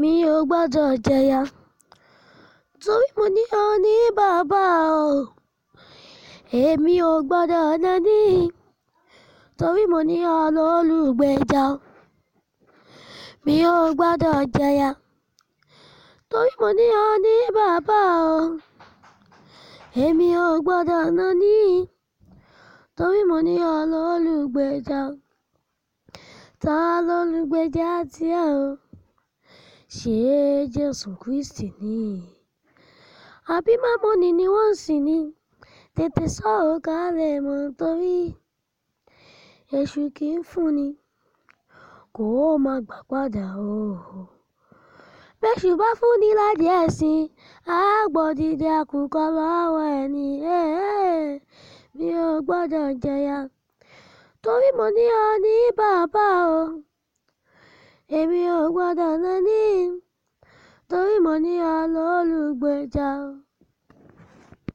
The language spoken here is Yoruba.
mi ò gbọ́dọ̀ jẹ̀yà torí mo ní oní bàbá o. Èmi ò gbọ́dọ̀ náni torí mo ní olólùgbèjà. Mi ò gbọ́dọ̀ jẹ̀yà torí mo ní oní bàbá o. Èmi ò gbọ́dọ̀ náni torí mo ní olólùgbèjà. Ta lolùgbèjà ti ẹ o? ṣe Jésù Kristi ni? Àbí Mámọ́nì ni wọ́n ń sìn ni? Tètè sọ ọ́ kalẹ̀ mọ̀ torí èṣù kì í fún ni, kò ó máa gbà padà o. Béṣù bá fún ni l'ádìẹ sìn, a gbọ́ dídẹ àkùkọ lọ́wọ́ ẹni. Mi ò gbọdọ̀ jẹyà, torí mo ní ọ ní bàbá o. Èmi gbọ́dọ̀ nani torí mo ní olólùgbèjà